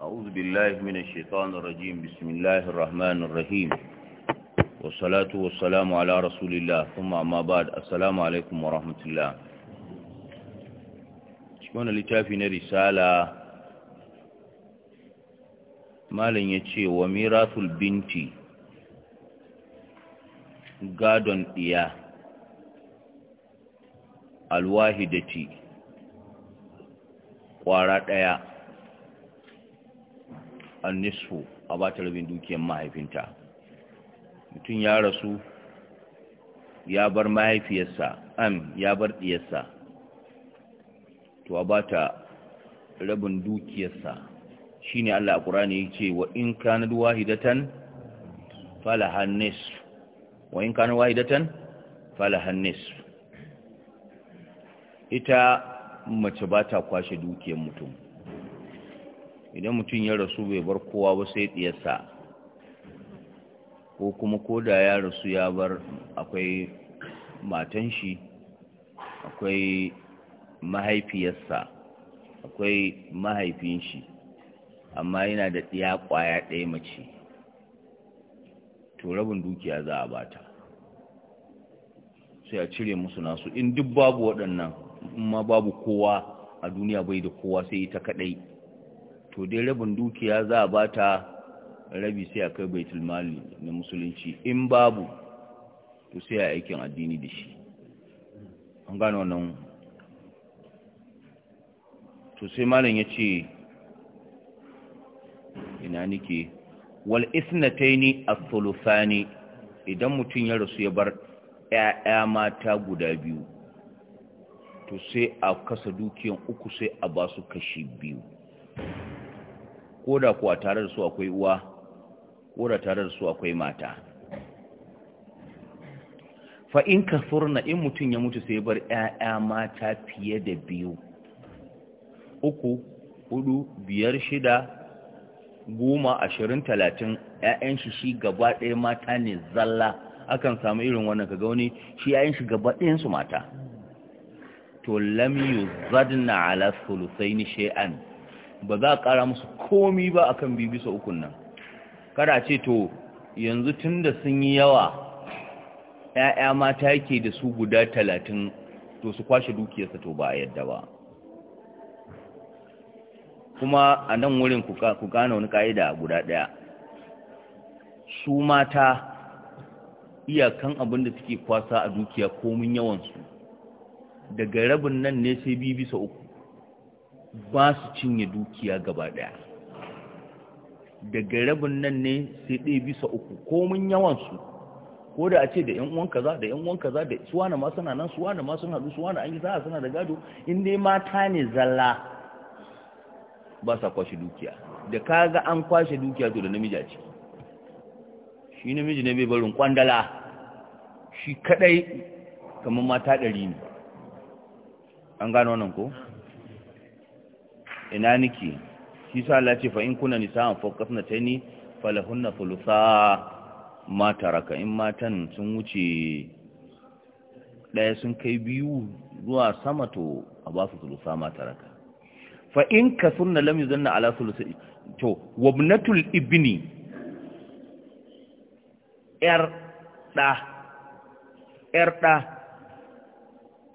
أعوذ بالله من الشيطان الرجيم بسم الله الرحمن الرحيم والصلاة والسلام على رسول الله ثم أما بعد السلام عليكم ورحمة الله شكونا لتافين رسالة ما لن يتشي وميراث البنت قادن إياه الواحدة قارات إياه an nisfu a ba ta rabin dukiyar mahaifinta mutum ya rasu ya bar mahaifiyarsa am ya bar diyarsa to a ba ta rabin dukiyarsa shi ne Allah a ƙurani ya ce wa in kanar wahidatan falahan nisfu wa in kanar wahidatan falahan nisfu ita mace ba ta kwashe dukiyar mutum idan mutum ya rasu bai bar kowa ba sai diyarsa ko kuma ko da ya rasu ya bar akwai matan shi akwai mahaifiyarsa akwai mahaifin shi amma yana da ɗiya ƙwaya ɗaya mace to rabin dukiya za a bata sai a cire musu nasu in duk babu waɗannan ma babu kowa a duniya bai da kowa sai ita kaɗai to dai rabin dukiya za a bata rabi sai a kai baitul mali na musulunci in babu to sai a aikin addini da shi an gano nan to sai malam ya ce ina nike wal isnataini athulufani idan mutum ya rasu ya bar ƴaƴa mata guda biyu to sai a kasa dukiyan uku sai a ba su kashi biyu ko da kuwa tare da su akwai uwa ko da tare da su akwai mata fa in kafurna in mutum ya mutu sai bar 'ya'ya mata fiye da biyu uku hudu biyar shida goma ashirin talatin ƴaƴan shi shi gaba ɗaya mata ne zalla akan samu irin wannan kaga wani shi ƴaƴan shi gaba ɗayan su mata to lam yuzadna ala thuluthaini shay'an ba za a ƙara musu komi ba a kan bibisa ukun nan kada ce to yanzu tun da sun yi yawa ‘ya'ya mata yake da su guda talatin to su kwashe dukiyarsa to ba a yadda ba kuma a nan wurin ku gane wani ƙa'ida guda ɗaya su mata iyakan abin da suke kwasa a dukiya komin yawansu daga rabin nan ne sai bibisa uku ba su cinye dukiya gaba daya daga rabin nan ne sai ɗaya bisa uku komin yawansu ko da a ce da ‘yan uwan kaza da ‘yan uwan kaza da suwana ma suna nan suwana ma sun haɗu suwana an yi sa'a suna da gado in dai mata ne zalla ba sa kwashe dukiya da kaga an kwashe dukiya to da namiji a ce. shi namiji ne bai barin kwandala shi kadai kamar mata ɗari ne an gano nan ko? ina niki shi sa Allah ce fa in kuna nisa'an fawqatna tani falahunna thulutha ma taraka in matan sun wuce daya sun kai biyu zuwa sama to a ba su thulutha ma taraka fa in ka kasunna lam yuzanna ala thuluthi to wabnatul ibni yar da yar da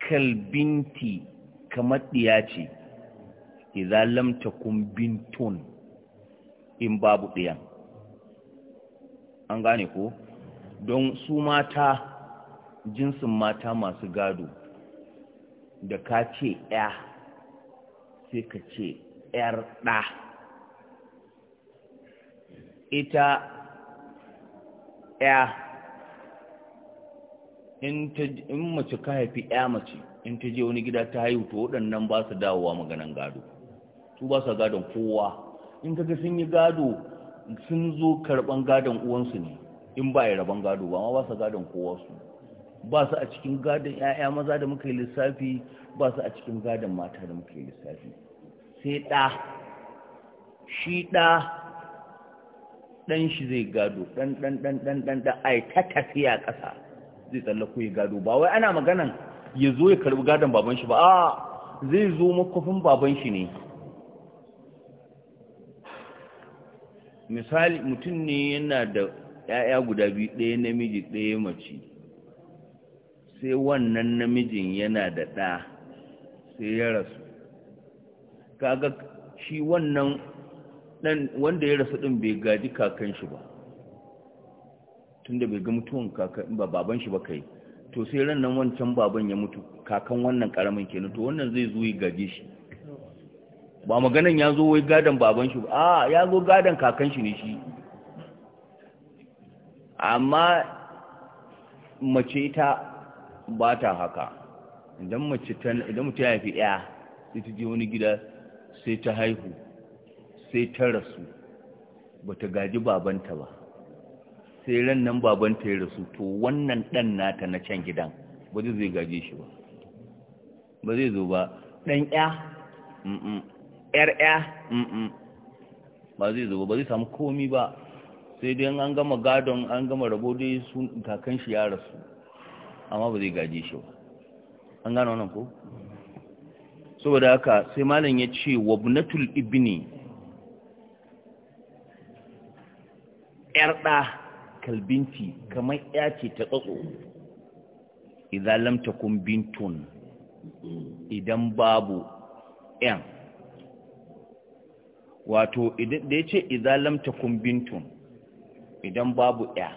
kalbinti kamar diya ce idza lam takun bintun in babu ɗiyan an gane ko don su mata jinsin mata masu gado da ka ce ya sai ka ce ‘yar ɗa ita ya in mace ka haifi ya mace in ta je wani gida ta haihu to waɗannan ba su dawowa maganan gado su ba sa gadon kowa in kaga sun yi gado sun zo karban gadon uwansu ne in ba ya rabon gado ba ma ba sa gadon kowa su ba su a cikin gadon 'ya'ya maza da muka yi lissafi ba su a cikin gadon mata da muka yi lissafi sai ɗa shi ɗa ɗan shi zai gado ɗan ɗan ɗan ɗan ɗan ɗan ai ta tafiya ƙasa zai tsallako ya gado ba wai ana maganan ya zo ya karɓi gadon baban shi ba a zai zo makwafin baban shi ne misali mutum ne yana da ‘ya'ya guda biyu ɗaya namiji ɗaya mace sai wannan namijin yana da ɗa sai ya rasu kaga shi wannan ɗan wanda ya rasu ɗin bai gaji kakan shi ba tunda bai ga mutuwan kakan ba baban shi ba kai to sai ran nan wancan baban ya mutu kakan wannan ƙaramin kenan to wannan zai zo ya gaje shi ba maganan ya zo wai gadon baban shi ba a ya zo gadon kakan shi ne shi amma mace ta ba ta haka idan mace ta idan mutum ya haifi ɗaya sai ta je wani gida sai ta haihu sai ta rasu ba ta gaji babanta ba sai ran nan babanta ya rasu to wannan ɗan nata na can gidan ba zai gaje shi ba ba zai zo ba ɗan ƴa. ƴa. ba zai zo ba zai samu komi ba sai dai an gama gadon an gama rabo dai sun kakan shi ya rasu amma ba zai gaje shi ba an gano wannan ko saboda haka sai malam ya ce wa bunatul ibni ƴarɗa kalbinti kamar ƴa ce ta tsatso idan lamta kun bintun idan babu ƴan wato da ya ce izalamta kumbintun idan babu ya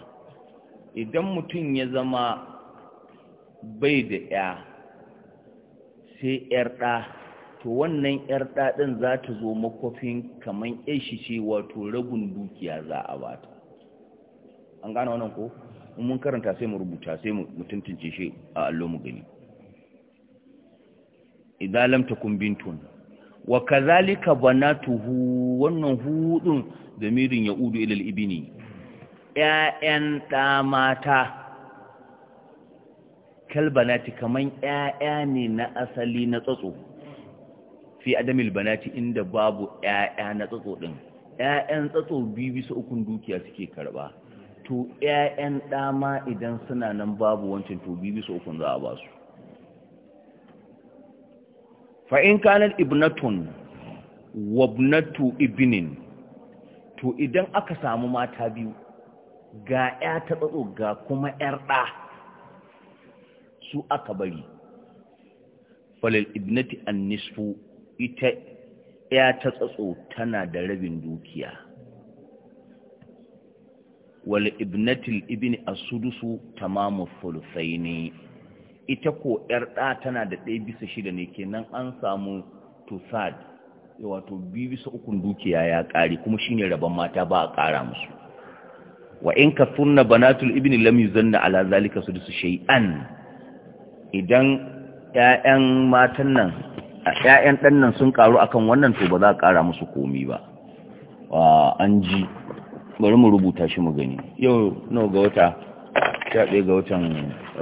idan mutum ya zama bai da ya sai yar ɗa to wannan yar din za ta zo makwafin kamar yashi ce wato rabin dukiya za a bata an gane wannan ko mun karanta sai mu rubuta sai mu tuntunce shi a allo mu gani idalam ta kumbintun wa kazalika banatuhu wannan hudun damirin ya udu ilal ibini kal ta mata banati kaman 'ya'ya ne na asali na tsotso, fi adamil banati inda babu 'ya'ya na tsotso din 'Ya'yan tsotso biyu bisa ukun dukiya suke karba to 'ya'yan ɗama idan suna nan babu wancan to biyu bisa ukun za a ba fa in ibnatun wabnatu ibnin to idan aka samu mata biyu ga ya ta tsatso ga kuma yar ɗa su aka bari falal ibnati an nisfu ita ya ta tsatso tana da rabin dukiya wal ibnatil ibni asudusu tamamu fulfaini ita ko ‘yar ɗa tana da ɗaya bisa shida ne kenan an samu tusad wato biyu bisa ukun dukiya ya ƙari kuma shine ne rabon mata ba a ƙara musu wa in ka sunna banatul ibn lam yuzanna ala zalika su dusu shay'an idan ‘ya'yan matan nan a ɗan nan sun ƙaru akan wannan to ba za a ƙara musu komi ba an ji bari mu rubuta shi mu gani yau nawa ga wata Ta ɗaya ga watan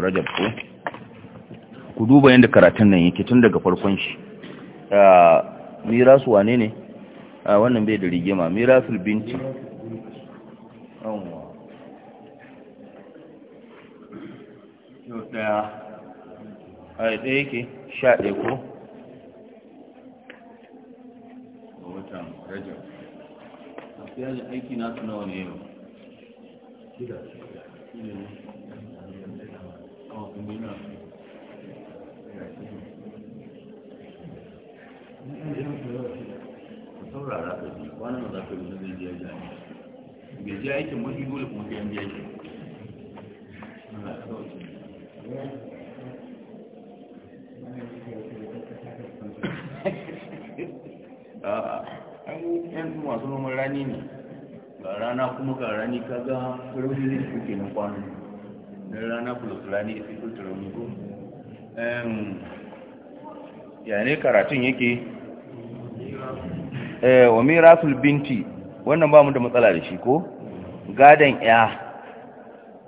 rajab ko ku duba yadda karatun nan yake tun daga farkon shi ah, mirasu wane ne a ah, wannan bai da rigima mirasul binti na yau shida kwanan da za ka yi zai biya biya bai ji aikin mafi dole kuma sai an biya shi yan masu noman rani ne ga rana kuma ga rani kaga rauni ne su ke na kwanan na rana plus rani isi kulta rauni ko ya ne karatun yake Eh, wa mirasul binti wannan ba mu da matsala da shi ko gadan ya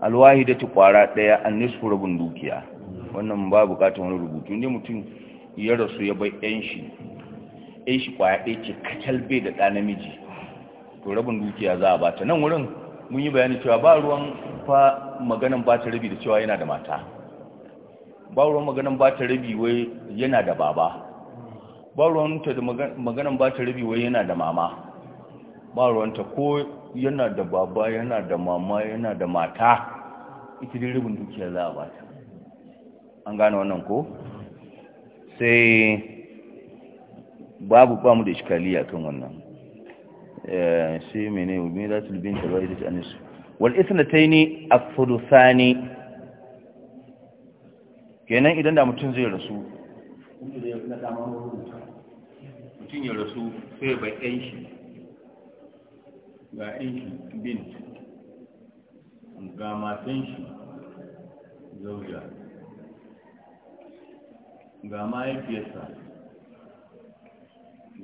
alwahidatu kwara daya annisfu rubun dukiya wannan ba bukatun wani rubutu ne mutum ya rasu ya bai yan shi ɗan shi kwaya ɗaya ce kacal bai da ɗa namiji to rabin dukiya za a bata nan wurin mun yi bayani cewa ba ruwan fa maganan bata rabi da cewa yana da mata ba ruwan maganan bata rabi wai yana da baba ba ruwanta da maganan ba ta rabi wai yana da mama ba ruwanta ko yana da baba yana da mama yana da mata ita dai rubin dukiya za a ba ta an gane wannan ko sai babu ba mu da iskali a kan wannan eh, sai mene ne za su lubin ta ba ita ce anisu wal fudu Sani? kenan idan da mutum zai rasu mutum ya rasu sai ba ɗan shi ga ɗan shi bin ga matan shi zauja ga mahaifiyarsa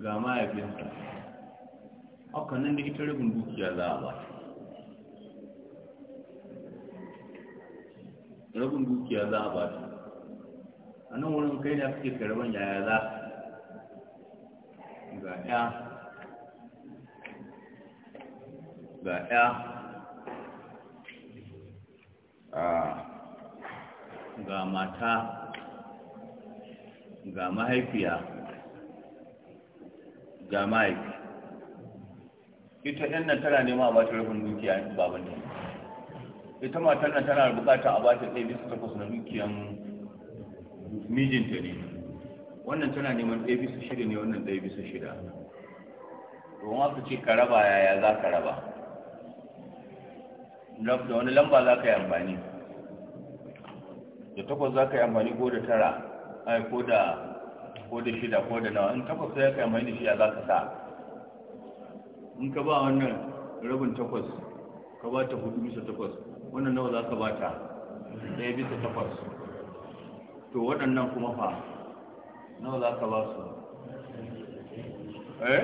ga mahaifiyarsa haka nan da ita rabin dukiya za a ba rabin dukiya za a ba ta a nan wurin kai da kake karban yaya za ga ɗaya ga ɗaya ga mata ga mahaifiya ga mahaifi ita ɗan nan tana nema a bata rufin dukiya babanta ita matar nan tana bukata a bata ɗaya bisa takwas na dukiyan mijinta ne wannan tana neman ɗaya bisa shida ne wannan ɗaya bisa shida domin aka ce ka raba yaya za ka raba da wani lamba za ka yi amfani da takwas za ka yi amfani ko da tara ai ko da ko da shida ko da nawa in takwas ya ka yi amfani da shida za ka sa in ka ba wannan rabin takwas ka ba ta hudu bisa takwas wannan nawa za ka ba ta ɗaya bisa takwas to waɗannan kuma fa nawa za ka ba su eh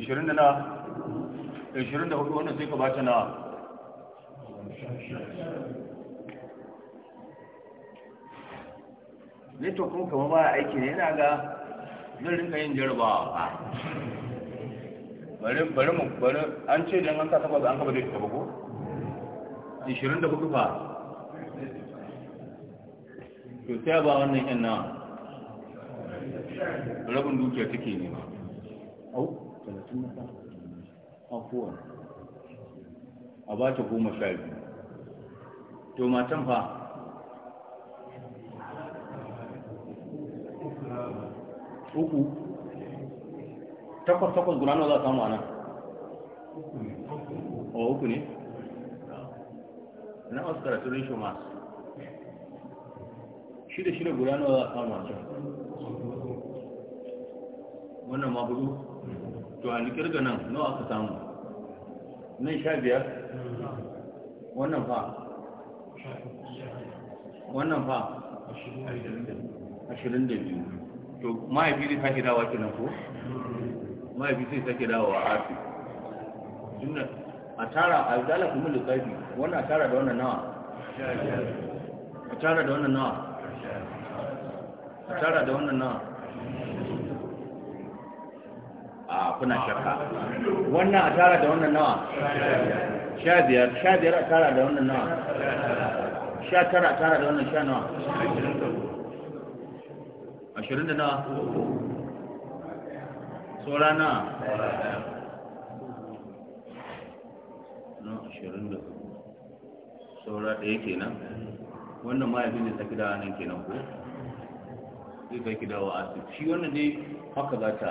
ishirin da na ishirin da hudu wanda sai ka bata na ne to kuma kama ba aiki ne yana ga zan rinka yin jarabawa ba bari bari mu bari an ce dan an sa takwas an kaba zai fita ko 24 fa to sai ba wannan yan na rabin dukiya take ne ma au 30 na afuwa a ba ta goma sha biyu to matan fa uku takwas takwas guna nawa za a samu a nan o uku ne na wasu karatu rinsho mass shida shida guna nawa za a samu a can wannan ma hudu to a kirga nan nawa aka samu nan sha biyar wannan fa wannan fa ashirin da biyu to mahaifi zai sake dawa nan ko mahaifi sai sake a afi a tara a zala kuma lissafi wannan a tara da wannan nawa a tara da wannan nawa a tara da wannan nawa a kuna shakka wannan a tara da wannan nawa sha biyar sha biyar a tara da wannan nawa sha tara a tara da wannan sha nawa ashirin da nawa saura na ashirin da saura ɗaya kenan wannan mahaifin ne saki da nan kenan ko zai saki da wa'asu shi wannan dai haka za ta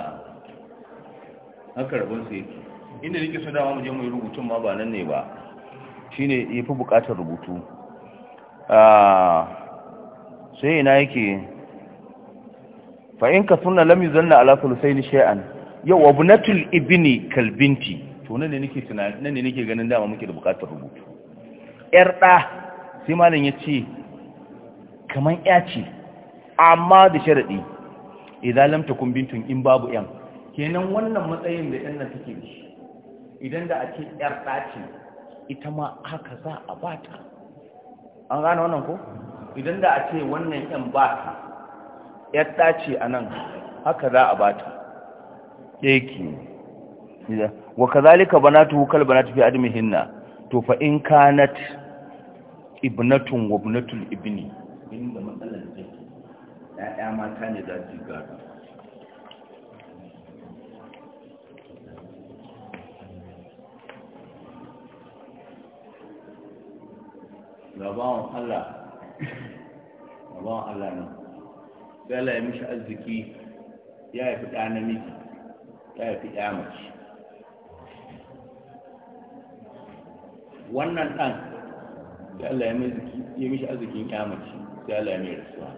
haka rabonsa yake inda nake so dama mu je mu yi rubutun ma ba nan ne ba shine yafi bukatar rubutu ah, sai ina yake fa in ka sunna lam yuzanna ala ni shay'an yau abunatul ibni kalbinti to nan ne nake tunani nan ne nake ganin dama muke da bukatar rubutu yar da sai malam ce kaman ya ce amma da sharadi idan lam takun bintun in babu yan kenan wannan matsayin da yan nan take da shi idan da ake yar da ce ita ma haka za a bata an gane wannan ko idan da a ce wannan yan ta, yar da ce anan haka za a bata yake wa kazalika banatu kal banatu fi admihinna to fa in kanat ibnatun wa ibnatul ibni inda matsalar take ya'ya mata ne za su gado gabawan Allah gabawan Allah ne sai Allah ya mishi arziki ya haifi ɗa namiji ya fi wannan ɗan sai Allah ya mishi arzikin ya mace sai Allah ya mai rasuwa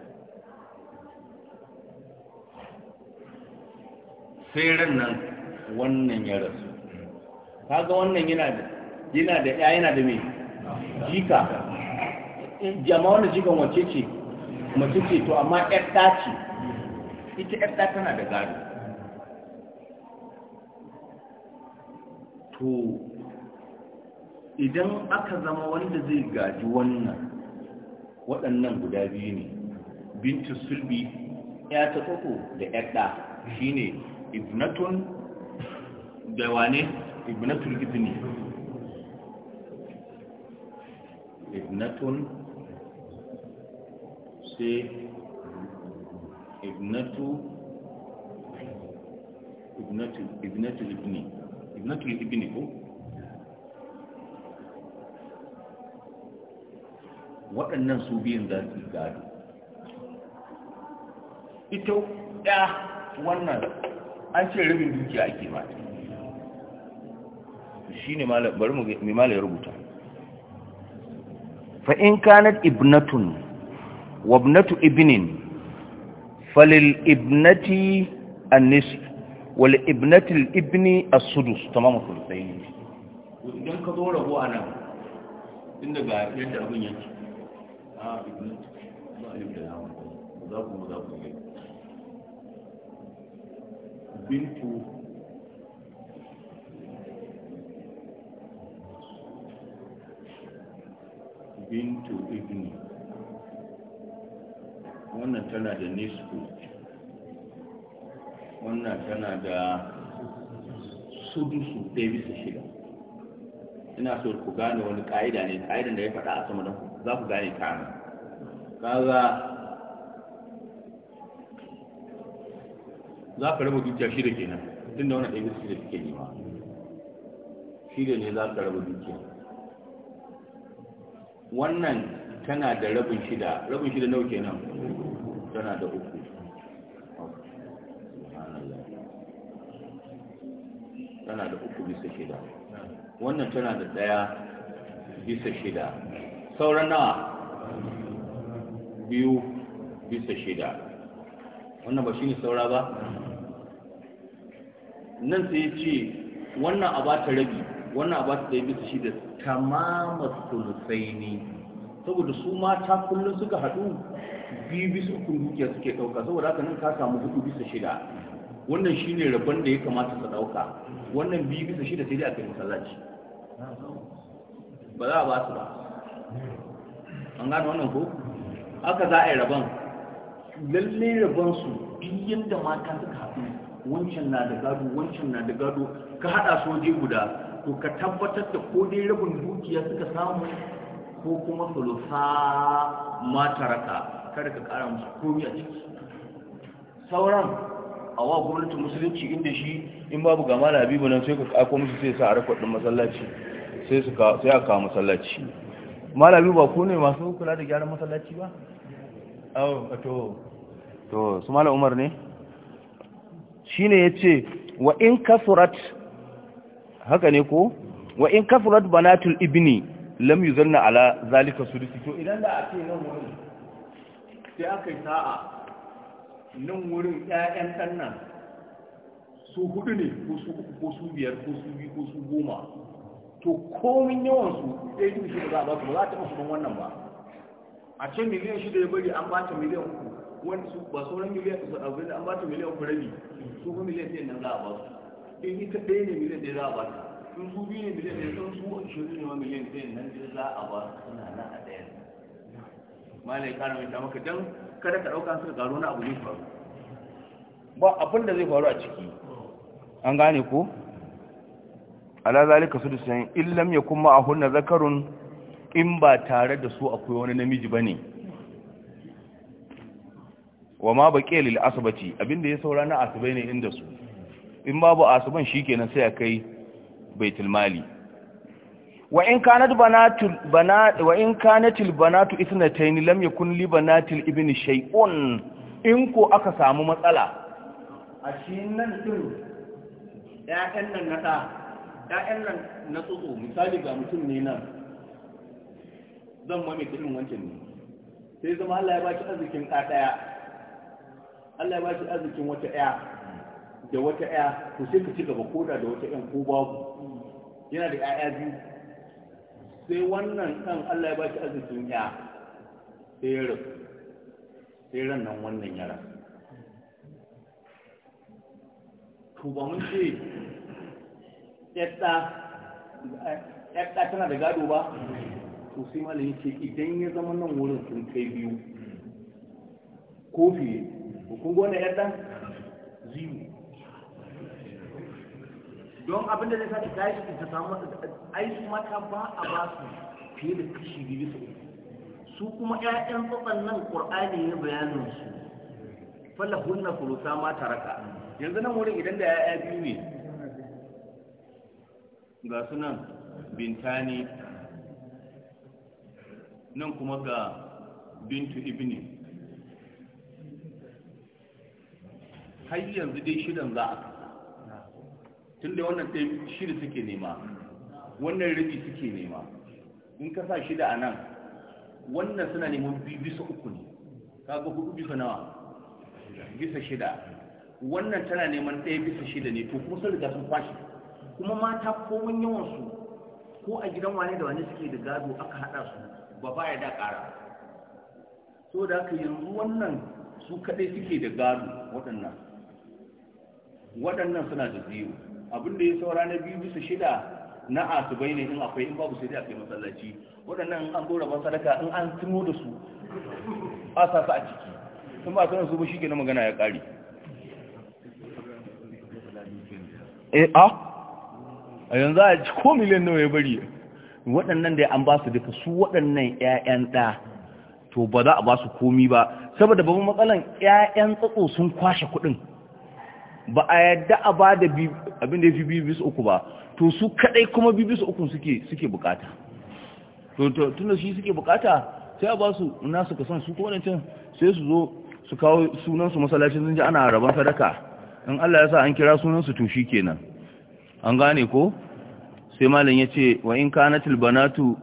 sai ran nan wannan ya rasu kaga wannan yana da yana da ya yana da mai jika jama wannan jikan wace ce mace ce to amma ƴar ɗa ce ita ƴar ɗa tana da gado to idan aka zama wanda zai gaji wannan waɗannan guda biyu ne bintu sulbi ya ta tsoko da ɗaɗa shi ne ibnatun da wane ibnatun gizini ibnatun sai ibnatun ibnatun ibnatun ibnatul ibni ko waɗannan su biyan za su gado ita ɗa wannan an ce rabin dukiya ake ba shi ne bari mai mala ya rubuta fa'in kanat ibnatun wabnatu ibinin falil ibnati annisif والابنة الابن السدس تمام الثلثين وإذن كدورة هو أنا إن دقاء يجد أبن ينشي آه ابنة الله ابني وانا تلا دنسكو wannan tana da su ɗaya bisa shida ina so ku gane wani ƙa'ida ne ƙa'idan da ya faɗa a sama da ku za ku gane ta ne kaga za ka raba dukiya shida kenan tunda wannan ɗaya bisa shida suke nema shida ne za ka raba dukiya wannan tana da rabin shida rabin shida nawa kenan tana da uku tana da uku bisa shida wannan tana da ɗaya bisa shida sauran nawa biyu bisa shida wannan ba shi ne saura ba nan sai ce wannan a ba ta rabi wannan a ba ta ɗaya bisa shida tamama sulusai ne saboda su mata kullum suka haɗu biyu bisa uku dukiya suke ɗauka saboda haka nan ka samu hudu bisa shida wannan shine rabon da ya kamata ka dauka wannan biyu bisa da sai dai a kai masallaci ba za a ba su ba an gano wannan ko aka za a yi rabon lallai rabon su biyan da mata suka haɗu wancan na da gado wancan na da gado ka haɗa su waje guda to ka tabbatar da ko dai rabin dukiya suka samu ko kuma sulusa ma raka. kada ka ƙara musu komi a ciki sauran a wa gwamnatin musulunci inda shi in babu ga na habibu nan sai ka kako musu sai sa a rakwad masallaci sai su sai kawo masallaci Malami habibu ba ku ne masu kula da gyaran masallaci ba aw to to su Malam umar ne shine yace wa in surat? haka ne ko wa in kafurat banatul ibni lam yuzanna ala zalika sudusi to idan da a ce nan wurin sai aka yi sa'a nan wurin ƴaƴan ɗan nan su hudu ne ko su uku ko su biyar ko su biyu ko su goma to komin yawan su ɗaya dubu shi ba za a ba su ba za a taɓa su wannan ba a ce miliyan shida ya bari an ba ta miliyan uku Wani su ba sauran miliyan su a bari an ba ta miliyan uku rabi su ba miliyan ɗaya nan za a ba su in ita ɗaya ne miliyan ɗaya za a ba su in su biyu ne miliyan ɗaya in su shirin ne ma miliyan ɗaya nan za a ba su suna nan a ɗaya malai ƙara mai ta maka dan kada ka ɗauka suka gano na abu ne faru ba abin da zai faru a ciki an gane ko ala zalika su dusan illam ya kuma a hunna zakarun in ba tare da su akwai wani namiji ba ne wa ma baqi lil asbati abinda ya saura na asibai ne inda su in babu asiban shi kenan sai a kai mali wa in kanat banatul banat wa in kanatil banatu ithnatayn lam yakun li banatil ibni shay'un in ko aka samu matsala a shi nan din ƴaƴan nan na ta ƴaƴan nan na tsotso misali ga mutum ne nan zan ma mai kudin wancan ne sai zama Allah ya baki arzikin ka daya Allah ya baki arzikin wata ƴa da wata ƴa to sai ka ci gaba koda da wata ƴan ko babu yana da ƴaƴa biyu sai wannan kan Allah ya ba shi arzikin ya sai ya rasu sai ran nan wannan yara to ba mun ce yadda tana da gado ba to sai malami ce idan ya zama nan wurin sun kai biyu ko fiye ko kun gona yadda ziyu don abinda zai sa ta kayi ta samu ai su mata ba a ba su fiye da kashi biyu su su kuma ƴaƴan tsotsan nan qur'ani ya bayanin su na fulusa ma taraka yanzu nan wurin idan da ƴaƴa biyu ne ga su nan bintani nan kuma ga bintu ibni har yanzu dai shidan za a tun da wannan ɗaya shida suke nema wannan rabi suke nema in ka sa shida a nan wannan suna neman biyu bisa uku ne kaga hudu bisa nawa bisa shida wannan tana neman ɗaya bisa shida ne to kuma sun riga sun kwashe kuma mata komin yawansu ko a gidan wane da wane suke da gado aka haɗa su ba ba ya da ƙara so da haka yanzu wannan su kaɗai suke da gado waɗannan waɗannan suna da biyu abinda ya saura na biyu bisa shida na asubai ne in akwai in babu sai dai a kai masallaci waɗannan an dora ban sadaka in an tuno da su a sa su a ciki sun ba tunan su ba shi ke na magana ya ƙari eh a a yanzu a ci ko miliyan nawa ya bari waɗannan da an ba su duka su waɗannan ƴaƴan ɗa to ba za a ba su komi ba saboda babban matsalan 'ya'yan tsatso sun kwashe kuɗin ba a yadda a ba da abin da ya fi bibis uku ba to su kadai kuma bibis uku suke bukata to tunda shi suke bukata sai a ba su suka kasan su kowane can sai su zo su kawo sunansu masallacin sun ji ana rabon sadaka in Allah ya sa an kira sunansu to shi kenan an gane ko sai malam ya ce wa in kana tilbanatu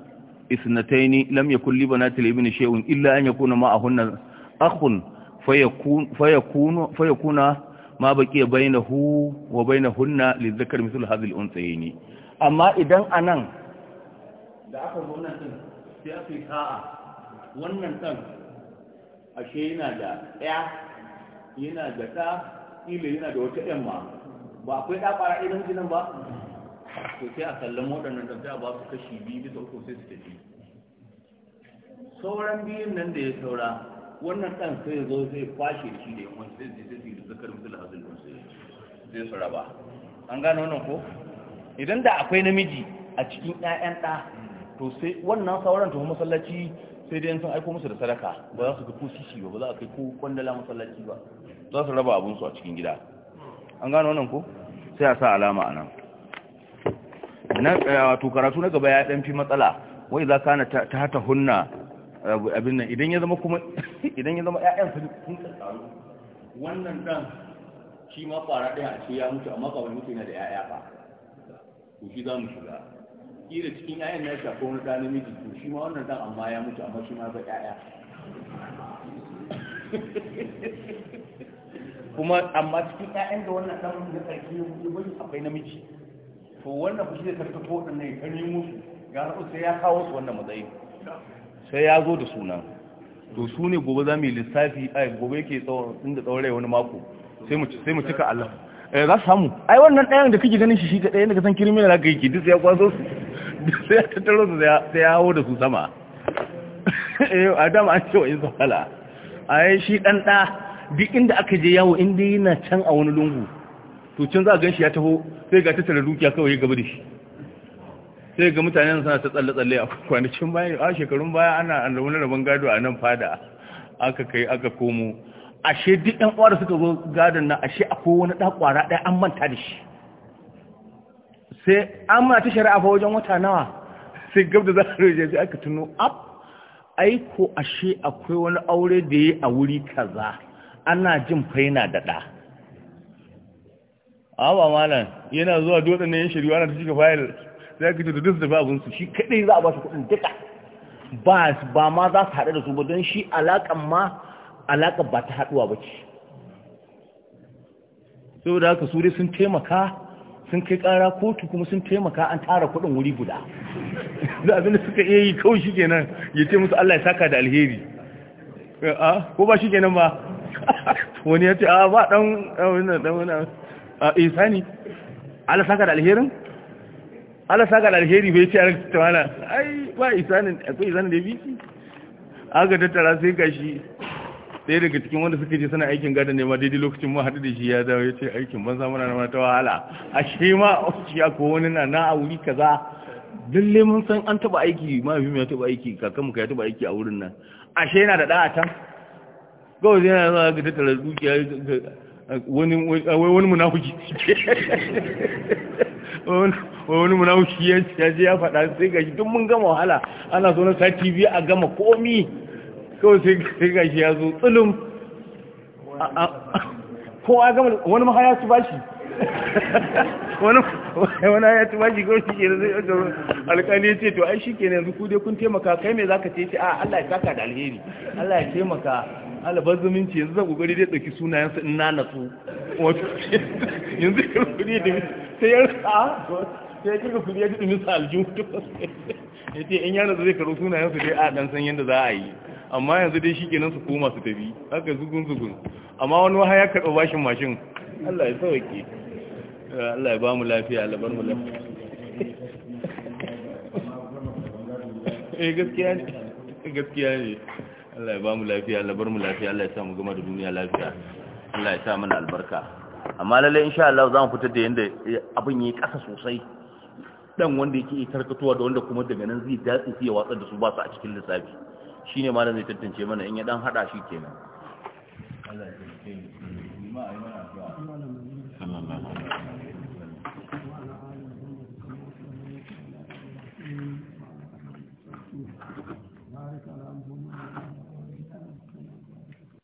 isnataini lam yakul li banatil ibni shay'un illa an yakuna ma'ahunna akhun fayakun fayakuna ma baqiya bainahu wa bainahunna lizakar misal hadhil unsayni amma idan anan da aka zo nan din sai aka yi sa'a wannan kan ashe yana da ɗaya yana da ta ile yana da wata yamma ma ba akwai ɗa ƙwara idan jinan ba to sai a sallama waɗannan da sai a ba su kashi biyu bisa uku sai su tafi sauran biyun nan da ya saura wannan ɗan sai zo sai kwashe shi da yawan sai zai sai da zakar mutul hazin don sai zai su raba an gano wannan ko idan da akwai namiji a cikin ƴaƴan ɗa to sai wannan sauran to masallaci sai dai sun aiko musu da sadaka ba za su ga ko sisi ba ba za a kai ko kwandala masallaci ba za su raba abun su a cikin gida an gano wannan ko sai a sa alama a nan na eh, wato karatu na gaba ya ɗan fi matsala wai za ka na ta hata hunna abin nan idan ya zama kuma idan ya zama ƴaƴan su sun tsaro wannan dan shi ma fara ɗaya a ce ya mutu amma ba mutu yana da ƴaƴa ba to shi za mu shiga kira cikin ƴaƴan na shi ko wani dan namiji to shi ma wannan dan amma ya mutu amma shi ma ba ƴaƴa kuma amma cikin ƴaƴan da wannan dan da karfi ya mutu bai akwai namiji to wannan ku shi zai karkato waɗannan ya karni musu gara sai ya kawo su wannan matsayi sai ya zo da suna to su ne gobe za mu yi lissafi ai gobe yake tsawon inda tsaurai wani mako sai mu cika Allah eh za su samu ai wannan ɗayan da kake ganin shi shi ɗayan da san kirmi da ka yi duk ya kwaso su sai ya tattaro su sai ya hawo da su sama eh adam an ce wa in sala ai shi dan da duk inda aka je yawo inda yana can a wani lungu to can za a shi ya taho sai ga tattara dukiya kawai gaba da shi sai ga mutanen suna ta tsalle-tsalle a kwanakin baya a shekarun baya ana wani rabon gado a nan fada aka kai aka komo ashe duk ɗan ƙwara suka zo gadon nan ashe akwai wani ɗan ƙwara ɗaya an manta da shi sai an ma ta shari'a fa wajen wata nawa sai gab da za a roje sai aka tuno ap aiko ashe akwai wani aure da ya a wuri kaza ana jin faina da ɗa awa malam yana zuwa dole ne ya shirya ana ta cika fayil za ka da duk da babinsu shi kaɗai za a ba su kuɗin duka ba ma za su haɗu da su ba don shi alaƙan ma alaƙar ba ta haɗuwa ba ce saboda haka su dai sun taimaka sun kai ƙara kotu kuma sun taimaka an tara kuɗin wuri guda da abinda suka iya yi kawai shi kenan ya ce musu Allah ya saka da alheri ko ba shi kenan ba wani ya ce a ba ɗan ɗan wani ɗan wani a ne Allah saka da alherin ala saka da alheri bai ce ta wana ai ba isanin akwai isanin da biki aka tattara sai shi sai daga cikin wanda suka je suna aikin gada nema daidai lokacin mu haɗu da shi ya dawo ya ce aikin ban samu na mana ta wahala a shi ma ofishi ya ko wani na na a wuri kaza lalle mun san an taɓa aiki ma fi ya taɓa aiki kakanmu ka ya taɓa aiki a wurin nan ashe yana da ɗa can kawai zai yana zuwa ga tattara dukiya wani wani munafuki wani munawushi ya ya ya faɗa sai gashi duk mun gama wahala ana so na sati biyu a gama komi kawai sai gashi ya zo tsulum a gama wani maha ya ci bashi wani ya ci bashi kawai shi ke da zai alƙali ya ce to ai shi ke yanzu zuku dai kun taimaka kai me za ka ce ce a Allah ya saka da alheri Allah ya taimaka alabar zumunci yanzu zan kokari dai ɗauki sunayensu in na natsu wato yanzu ya rubuɗe da sai yarsa. sai kirga su ya ji dumin sa ya ce in yana zai karo sunayen su dai a dan san yadda za a yi amma yanzu dai shi kenan su koma su tafi haka zugun zugun amma wani waha ya karɓa bashin mashin Allah ya sauke Allah ya ba mu lafiya labar mu lafiya eh, gaskiya ne gaskiya ne Allah ya ba mu lafiya labar mu lafiya Allah ya sa mu gama da duniya lafiya Allah ya sa mana albarka amma lalle insha Allah za mu fitar da yanda abin yi kasa sosai dan wanda yake yi tarkatuwa da wanda kuma daga nan zai datsi ya watsar da su ba su a cikin lissafi shine malam zai tantance mana in ya dan hada shi kenan